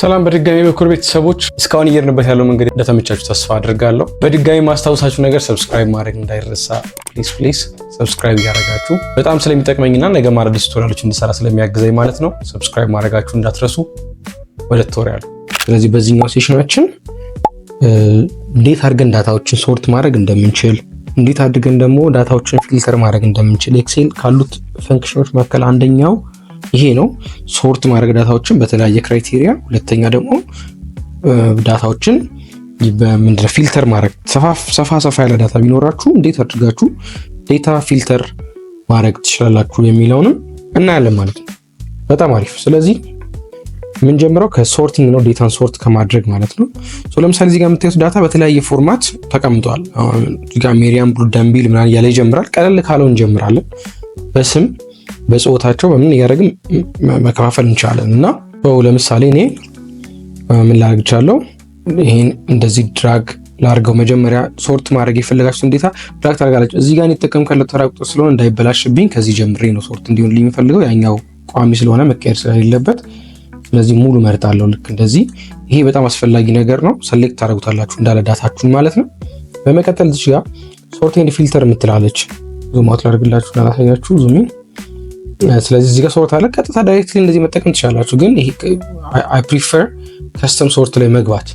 ሰላም በድጋሚ በኩር ቤተሰቦች፣ እስካሁን እየርንበት ያለው መንገድ እንደተመቻችሁ ተስፋ አድርጋለሁ። በድጋሚ ማስታወሳችሁ ነገር ሰብስክራይብ ማድረግ እንዳይረሳ፣ ፕሊስ ፕሊስ ሰብስክራይብ እያደረጋችሁ በጣም ስለሚጠቅመኝና ነገ አዳዲስ ቱቶሪያሎች እንድሰራ ስለሚያግዘኝ ማለት ነው። ሰብስክራይብ ማድረጋችሁ እንዳትረሱ። ወደ ቱቶሪያሉ። ስለዚህ በዚህኛው ሴሽናችን እንዴት አድርገን ዳታዎችን ሶርት ማድረግ እንደምንችል እንዴት አድርገን ደግሞ ዳታዎችን ፊልተር ማድረግ እንደምንችል ኤክሴል ካሉት ፈንክሽኖች መካከል አንደኛው ይሄ ነው ሶርት ማድረግ ዳታዎችን በተለያየ ክራይቴሪያ። ሁለተኛ ደግሞ ዳታዎችን በምንድን ነው ፊልተር ማድረግ። ሰፋ ሰፋ ያለ ዳታ ቢኖራችሁ እንዴት አድርጋችሁ ዴታ ፊልተር ማድረግ ትችላላችሁ የሚለውንም እናያለን ማለት ነው። በጣም አሪፍ። ስለዚህ የምንጀምረው ከሶርቲንግ ነው፣ ዴታን ሶርት ከማድረግ ማለት ነው። ለምሳሌ እዚህ የምታዩት ዳታ በተለያየ ፎርማት ተቀምጧል። ሜሪያም ብሉ ደምቢል ምናምን እያለ ይጀምራል። ቀለል ካለው እንጀምራለን በስም በጾታቸው በምን እያደረግን መከፋፈል እንችላለን። እና ለምሳሌ እኔ ምን ላደርግ እችላለሁ? ይህን እንደዚህ ድራግ ላድርገው። መጀመሪያ ሶርት ማድረግ የፈለጋችሁት እንዴታ ድራግ ታደርጋለች። እዚህ ጋር የተጠቀምኩት ተራ ቁጥር ስለሆነ እንዳይበላሽብኝ ከዚህ ጀምሬ ነው ሶርት እንዲሆን የሚፈልገው። ያኛው ቋሚ ስለሆነ መቀየር ስለሌለበት ስለዚህ ሙሉ መርጣለሁ። ልክ እንደዚህ። ይሄ በጣም አስፈላጊ ነገር ነው። ሰሌክት ታደርጉታላችሁ እንዳለ ዳታችሁን ማለት ነው። በመቀጠል እዚህ ጋር ሶርት ፊልተር የምትላለች ዙም አውት ላድርግላችሁ ላሳያችሁ ዙሚን ስለዚህ እዚህ ጋር ሶርት አለ። ቀጥታ ዳይሬክት እንደዚህ መጠቀም ትችላላችሁ። ግን አይ ፕሪፈር ከስተም ሶርት ላይ መግባት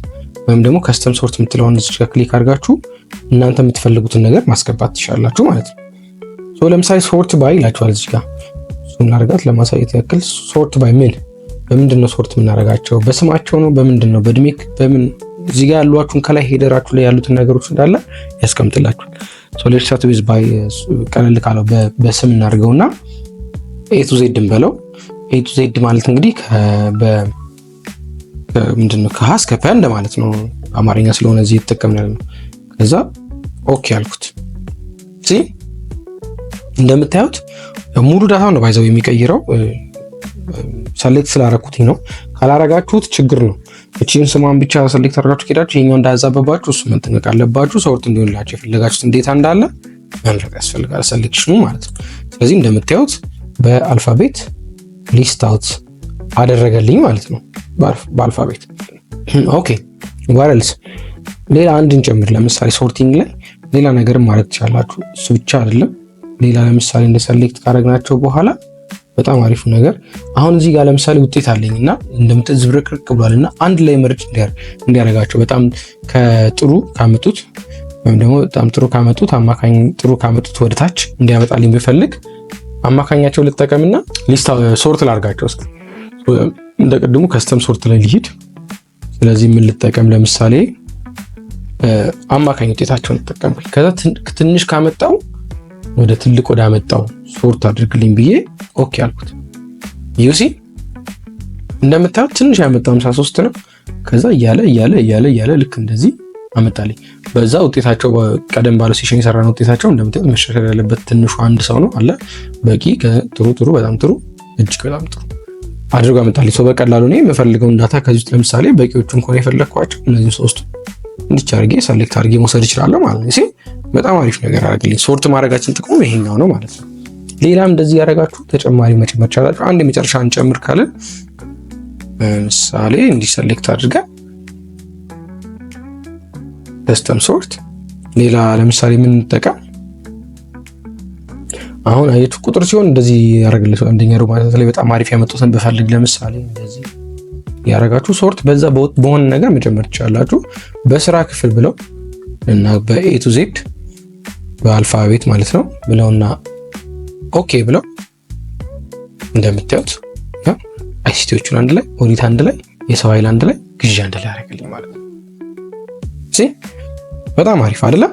ወይም ደግሞ ከስተም ሶርት የምትለውን እዚህ ጋር ክሊክ አድርጋችሁ እናንተ የምትፈልጉትን ነገር ማስገባት ትችላላችሁ ማለት ነው። ሶ ለምሳሌ ሶርት ባይ ይላችኋል እዚህ ጋር እሱን አድርጋት ለማሳየት ያክል ሶርት ባይ ምን በምንድን ነው ሶርት የምናደርጋቸው? በስማቸው ነው? በምንድን ነው? በእድሜ በምን? እዚህ ጋር ያሏችሁን ከላይ ሄደራችሁ ላይ ያሉትን ነገሮች እንዳለ ያስቀምጥላችኋል። ሶ ዊዝ ባይ ቀለል ካለው በስም እናድርገውና ኤቱ ዜድን በለው ኤቱ ዜድ ማለት እንግዲህ ምንድነው ከሀ እስከ ፐ እንደማለት ነው። አማርኛ ስለሆነ እዚህ የተጠቀምን ያለ ነው። ከዛ ኦኬ አልኩት ያልኩት እንደምታዩት ሙሉ ዳታ ነው ባይዘው የሚቀይረው ሰሌክት ስላረኩት ነው። ካላረጋችሁት ችግር ነው። እቺን ስሟን ብቻ ሰሌክት አረጋችሁ ሄዳችሁ ይሄኛው እንዳያዛበባችሁ እሱ መጠንቀቅ አለባችሁ። ሰውርት እንዲሆንላቸው የፈለጋችሁትን ዴታ እንዳለ መምረጥ ያስፈልጋል፣ ሰሌክሽኑ ማለት ነው። ስለዚህ እንደምታዩት በአልፋቤት ሊስት አውት አደረገልኝ ማለት ነው። በአልፋቤት ኦኬ። ዋረልስ ሌላ አንድን ጨምር። ለምሳሌ ሶርቲንግ ላይ ሌላ ነገር ማድረግ ትችላላችሁ። እሱ ብቻ አይደለም። ሌላ ለምሳሌ እንደ ሰሌክት ካደረግናቸው በኋላ በጣም አሪፉ ነገር አሁን እዚህ ጋር ለምሳሌ ውጤት አለኝ እና እንደምት ዝብርቅርቅ ብሏል እና አንድ ላይ መርጭ እንዲያደርጋቸው በጣም ከጥሩ ካመጡት ወይም ደግሞ በጣም ጥሩ ካመጡት አማካኝ ጥሩ ካመጡት ወደታች እንዲያመጣልኝ ብፈልግ አማካኛቸው ልጠቀምና ሊስት ሶርት ላርጋቸው እስኪ። እንደ ቅድሙ ከስተም ሶርት ላይ ሊሄድ ስለዚህ ምን ልጠቀም? ለምሳሌ አማካኝ ውጤታቸውን ልጠቀምኩኝ። ከዛ ትንሽ ካመጣው ወደ ትልቅ ወደ አመጣው ሶርት አድርግልኝ ብዬ ኦኬ አልኩት። ዩሲ እንደምታዩት ትንሽ ያመጣው 53 ነው። ከዛ እያለ እያለ እያለ እያለ ልክ እንደዚህ አመጣልኝ። በዛ ውጤታቸው ቀደም ባለው ሴሽን የሰራነው ውጤታቸው እንደምታዩት መሻሻል ያለበት ትንሹ አንድ ሰው ነው አለ በቂ ጥሩ ጥሩ በጣም ጥሩ እጅግ በጣም ጥሩ አድርጎ ያመጣል። ሰው በቀላሉ እኔ የምፈልገውን ዳታ ከዚህ ውስጥ ለምሳሌ በቂዎቹን ከሆነ የፈለግኳቸው እነዚህም ሶስቱ እንዲች አድርጌ ሰሌክት አድርጌ መውሰድ ይችላለሁ ማለት ነው። በጣም አሪፍ ነገር አድርግልኝ። ሶርት ማድረጋችን ጥቅሙ ይሄኛው ነው ማለት ነው። ሌላም እንደዚህ ያደረጋችሁ ተጨማሪ መጨመር ቻላችሁ። አንድ የመጨረሻ እንጨምር ካለን ለምሳሌ እንዲህ ሰሌክት አድርገን በስተም ሶርት ሌላ ለምሳሌ የምንጠቀም አሁን አየቱ ቁጥር ሲሆን እንደዚህ ያደረግልህ አንደኛ ሮ ማለት ላይ በጣም አሪፍ ያመጡትን ብፈልግ ለምሳሌ እንደዚህ ያደረጋችሁ ሶርት በዛ በሆነ ነገር መጨመር ትችላላችሁ። በስራ ክፍል ብለው እና በኤ ቱ ዜድ በአልፋቤት ማለት ነው ብለውና ኦኬ ብለው እንደምታዩት አይሲቲዎቹን አንድ ላይ ኦዲት አንድ ላይ የሰው ኃይል አንድ ላይ ግዢ አንድ ላይ ያደረግልኝ ማለት ነው። ሲ በጣም አሪፍ አይደለም?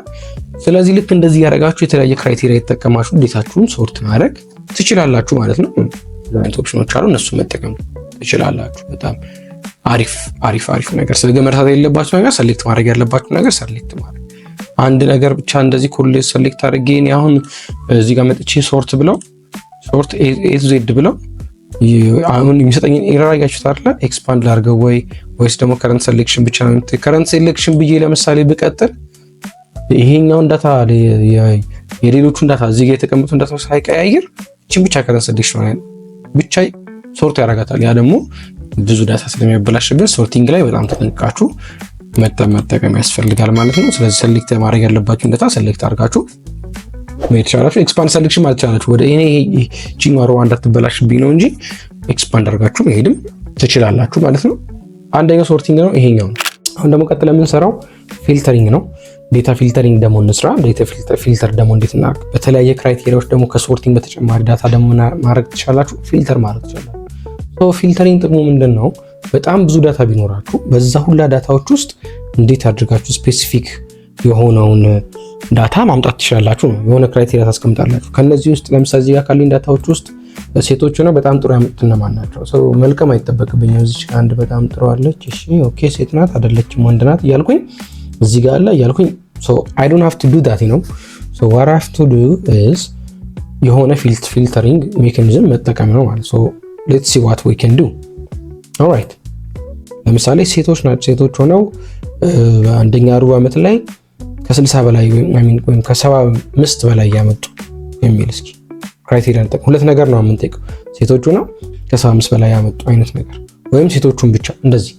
ስለዚህ ልክ እንደዚህ ያደረጋችሁ የተለያየ ክራይቴሪያ የተጠቀማችሁ ዴታችሁን ሶርት ማድረግ ትችላላችሁ ማለት ነው። ዛይነት ኦፕሽኖች አሉ፣ እነሱ መጠቀም ትችላላችሁ። በጣም አሪፍ አሪፍ አሪፍ ነገር። ስለዚህ መርሳት የሌለባችሁ ነገር ሰሌክት ማድረግ ያለባችሁ ነገር ሰሌክት ማድረግ አንድ ነገር ብቻ እንደዚህ ኮሌጅ ሰሌክት አድርጌ እኔ አሁን እዚህ ጋር መጥቼ ሶርት ብለው ሶርት ኤ ቱ ዜድ ብለው አሁን የሚሰጠኝን ኤረር አያችሁት አይደለ? ኤክስፓንድ ላድርገው ወይ ወይስ ደግሞ ከረንት ሴሌክሽን ብቻ ነው? ከረንት ሴሌክሽን ብዬ ለምሳሌ ብቀጥል ይሄኛውን ዳታ የሌሎቹን ዳታ እዚህ ጋር የተቀመጡን ዳታ ሳይቀያየር ይህችን ብቻ ከረንት ሴሌክሽን ሆነ ብቻ ሶርት ያደርጋታል። ያ ደግሞ ብዙ ዳታ ስለሚያበላሽብን ሶርቲንግ ላይ በጣም ተጠንቅቃችሁ መጠቀም ያስፈልጋል ማለት ነው። ስለዚህ ሴሌክት ማድረግ ያለባችሁ ዳታ ሴሌክት አድርጋችሁ መሄድ ኤክስፓንድ ሰሌክሽን ማለት ወደ እኔ ቺማሮ እንዳትበላሽብኝ ነው እንጂ ኤክስፓንድ አድርጋችሁ መሄድም ትችላላችሁ ማለት ነው። አንደኛው ሶርቲንግ ነው ይሄኛው። አሁን ደግሞ ቀጥለ የምንሰራው ፊልተሪንግ ነው። ዴታ ፊልተሪንግ ደግሞ እንስራ። ዴታ ፊልተር ደግሞ እንዴት እና በተለያየ ክራይቴሪያዎች ደግሞ ከሶርቲንግ በተጨማሪ ዳታ ደግሞ ማድረግ ትችላላችሁ፣ ፊልተር ማድረግ ትችላላችሁ። ፊልተሪንግ ጥቅሙ ምንድን ነው? በጣም ብዙ ዳታ ቢኖራችሁ በዛ ሁላ ዳታዎች ውስጥ እንዴት አድርጋችሁ ስፔሲፊክ የሆነውን ዳታ ማምጣት ትችላላችሁ ነው። የሆነ ክራይቴሪያ ታስቀምጣላችሁ። ከነዚህ ውስጥ ለምሳሌ እዚህ ጋር ካለኝ ዳታዎች ውስጥ ሴቶች ሆነው በጣም ጥሩ ያመጡት እነማን ናቸው? ሰው መልቀም አይጠበቅብኝም። እዚች አንድ በጣም ጥሩ አለች። እሺ ኦኬ፣ ሴት ናት አይደለችም፣ ወንድ ናት እያልኩኝ እዚህ ጋር አለ እያልኩኝ አይ ዶንት ሃቭ ቱ ዱ ዳት ነው። ዋት ሃቭ ቱ ዱ ኢዝ የሆነ ፊልተሪንግ ሜካኒዝም መጠቀም ነው ማለት ሶ ሌት ሲ ዋት ዊ ካን ዱ ኦልራይት። ለምሳሌ ሴቶች ናቸው ሴቶች ሆነው አንደኛ ሩብ ዓመት ላይ ከ60 በላይ ወይም ከ75 በላይ ያመጡ የሚል እስኪ ክራይቴሪያ እንጠቅም። ሁለት ነገር ነው የምንጠይቀው፣ ሴቶቹ ነው ከ75 በላይ ያመጡ አይነት ነገር ወይም ሴቶቹን ብቻ እንደዚህ።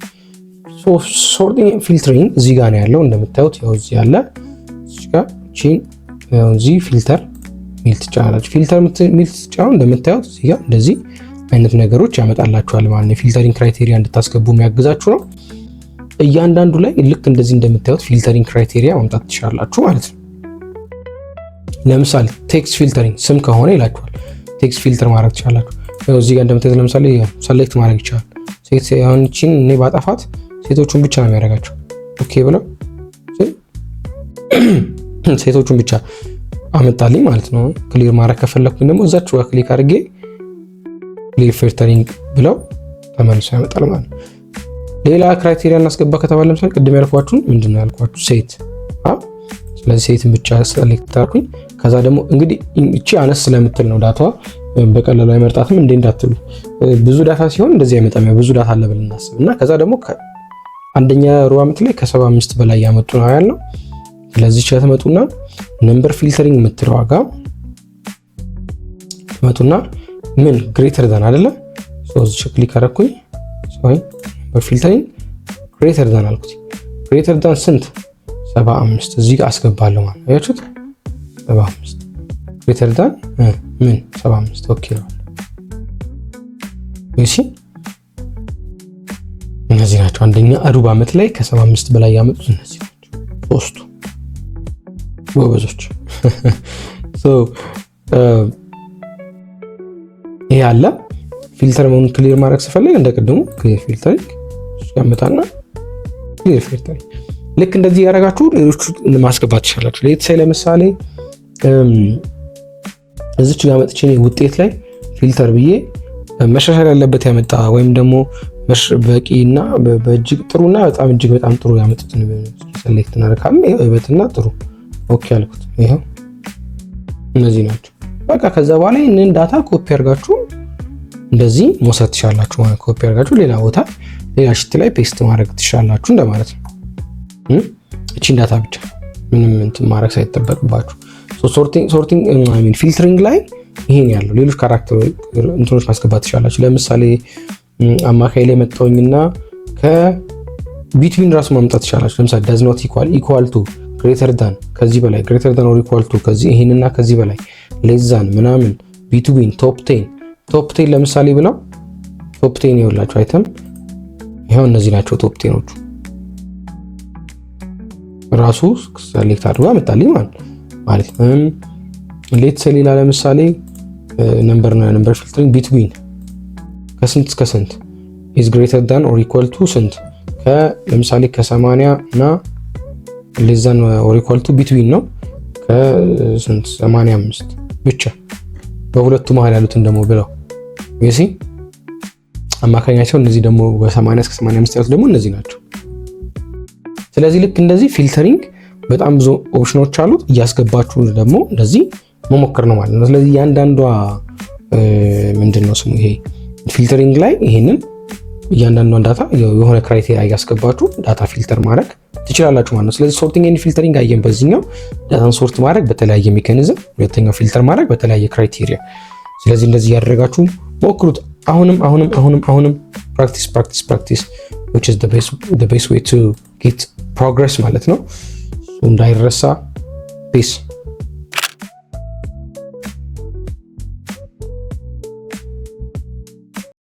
ሶርቲንግ ፊልትሪንግ እዚህ ጋር ነው ያለው እንደምታዩት፣ ያው እዚህ ያለ ቺን እዚህ ፊልተር ሚል ትጫናላችሁ። ፊልተር ሚል ትጫኑ እንደምታዩት እዚህ ጋር እንደዚህ አይነት ነገሮች ያመጣላችኋል ማለት ነው። የፊልተሪንግ ክራይቴሪያ እንድታስገቡ የሚያግዛችሁ ነው። እያንዳንዱ ላይ ልክ እንደዚህ እንደምታዩት ፊልተሪንግ ክራይቴሪያ ማምጣት ትችላላችሁ ማለት ነው። ለምሳሌ ቴክስት ፊልተሪንግ ስም ከሆነ ይላችኋል፣ ቴክስት ፊልተር ማድረግ ትችላላችሁ። እዚህ ጋር እንደምታዩት ለምሳሌ ሰሌክት ማድረግ ይችላል። ሁንቺን እኔ ባጠፋት ሴቶቹን ብቻ ነው የሚያደርጋቸው። ኦኬ ብለው ሴቶቹን ብቻ አመጣልኝ ማለት ነው። ክሊር ማድረግ ከፈለግኩኝ ደግሞ እዛችሁ ጋር ክሊክ አድርጌ ክሊር ፊልተሪንግ ብለው ተመልሶ ያመጣል ማለት ነው። ሌላ ክራይቴሪያ እናስገባ ከተባለ ለምሳሌ ቅድም ያልኳችሁን ምንድን ነው ያልኳችሁ ሴት። ስለዚህ ሴትን ብቻ ሰሌክት አልኩኝ። ከዛ ደግሞ እንግዲህ እቺ አነስ ስለምትል ነው ዳታ በቀላሉ አይመርጣትም እንዴ እንዳትሉ፣ ብዙ ዳታ ሲሆን እንደዚህ አይመጣም። ብዙ ዳታ አለ ብለን እናስብ እና ከዛ ደግሞ አንደኛ ሩብ ዓመት ላይ ከሰባ አምስት በላይ ያመጡ ነው ያልነው። ስለዚህ ቻ ትመጡና ነምበር ፊልተሪንግ የምትለው ዋጋ ትመጡና ምን ግሬተር ዘን አይደለ ሶ ክሊክ አረኩኝ ሶይ በፊልተሪንግ ግሬተር ዳን አልኩት። ግሬተር ዳን ስንት? 75 እዚህ ጋር አስገባለሁ ማለት ነው። ያችሁት 75 ግሬተር ዳን ምን 75 ኦኬ ነው። እሺ እነዚህ ናቸው። አንደኛ ሩብ ዓመት ላይ ከ75 በላይ ያመጡት እነዚህ ናቸው ሶስቱ ጎበዞች። ሶ ይሄ አለ ፊልተር መሆኑን ክሊር ማድረግ ስፈልግ እንደ ቅድሙ ፊልተሪንግ ያመጣና ይፈርታል። ልክ እንደዚህ ያደረጋችሁ ሌሎቹ ማስገባት ትችላላችሁ። ለይተሳይ ለምሳሌ እዚች ጋር መጥቼ ውጤት ላይ ፊልተር ብዬ መሻሻል ያለበት ያመጣ ወይም ደግሞ በቂ እና በእጅግ ጥሩ እና በጣም እጅግ በጣም ጥሩ ያመጡትን ሴሌክት እናደርጋለን። ይኸው ውበትና ጥሩ ኦኬ አልኩት። ይኸው እነዚህ ናቸው። በቃ ከዛ በኋላ ይህንን ዳታ ኮፒ አድርጋችሁ እንደዚህ መውሰድ ትችላላችሁ። ኮፒ አድርጋችሁ ሌላ ቦታ ሌላ ሽት ላይ ፔስት ማድረግ ትችላላችሁ እንደማለት ነው። እቺ እንዳታ ብቻ ምንም እንትን ማድረግ ሳይጠበቅባችሁ ሶርቲንግ ፊልትሪንግ ላይ ይሄን ያለው ሌሎች ካራክተር እንትኖች ማስገባት ትችላላችሁ። ለምሳሌ አማካይ ላይ መጣውኝና ከቢትዊን ራሱ ማምጣት ትችላላችሁ። ለምሳሌ ዳዝ ኖት ኢኳል ኢኳል ቱ ግሬተር ዳን ከዚህ በላይ ግሬተር ዳን ኦር ኢኳል ቱ ከዚህ ይሄንና ከዚህ በላይ ሌዛን ምናምን ቢትዊን ቶፕ ቴን ቶፕ ቴን ለምሳሌ ብለው ቶፕ ቴን ይኸውላችሁ አይተም ይኸው እነዚህ ናቸው ቶፕ ቴኖቹ። ራሱ ሰሌክት አድርጎ አመጣልኝ ማለት ማለት ሌት ሰሌላ ለምሳሌ ነምበር ነው ነምበር ፊልተሪንግ ቢትዊን ከስንት እስከ ስንት ኢዝ ግሬተር ዳን ኦር ኢኳል ቱ ስንት ለምሳሌ ከሰማንያ እና ሌዛን ኦር ኢኳል ቱ ቢትዊን ነው ከስንት ሰማንያ አምስት ብቻ በሁለቱ መሀል ያሉትን ደግሞ ብለው ሲ አማካኛቸው እነዚህ ደግሞ በ80 እስከ 85 ያሉት ደግሞ እነዚህ ናቸው። ስለዚህ ልክ እንደዚህ ፊልተሪንግ በጣም ብዙ ኦፕሽኖች አሉት። እያስገባችሁ ደግሞ እንደዚህ መሞከር ነው ማለት ነው። ስለዚህ እያንዳንዷ ምንድን ነው ስሙ ይሄ ፊልተሪንግ ላይ ይሄንን እያንዳንዷን ዳታ የሆነ ክራይቴሪያ እያስገባችሁ ዳታ ፊልተር ማድረግ ትችላላችሁ ማለት ነው። ስለዚህ ሶርቲንግ ኤንድ ፊልተሪንግ አየን። በዚህኛው ዳታን ሶርት ማድረግ በተለያየ ሜካኒዝም፣ ሁለተኛው ፊልተር ማድረግ በተለያየ ክራይቴሪያ። ስለዚህ እንደዚህ እያደረጋችሁ ሞክሩት። አሁንም አሁንም አሁንም አሁንም ፕራክቲስ ፕራክቲስ ፕራክቲስ which is the best the best way to ማለት ነው። እንዳይረሳ ፒስ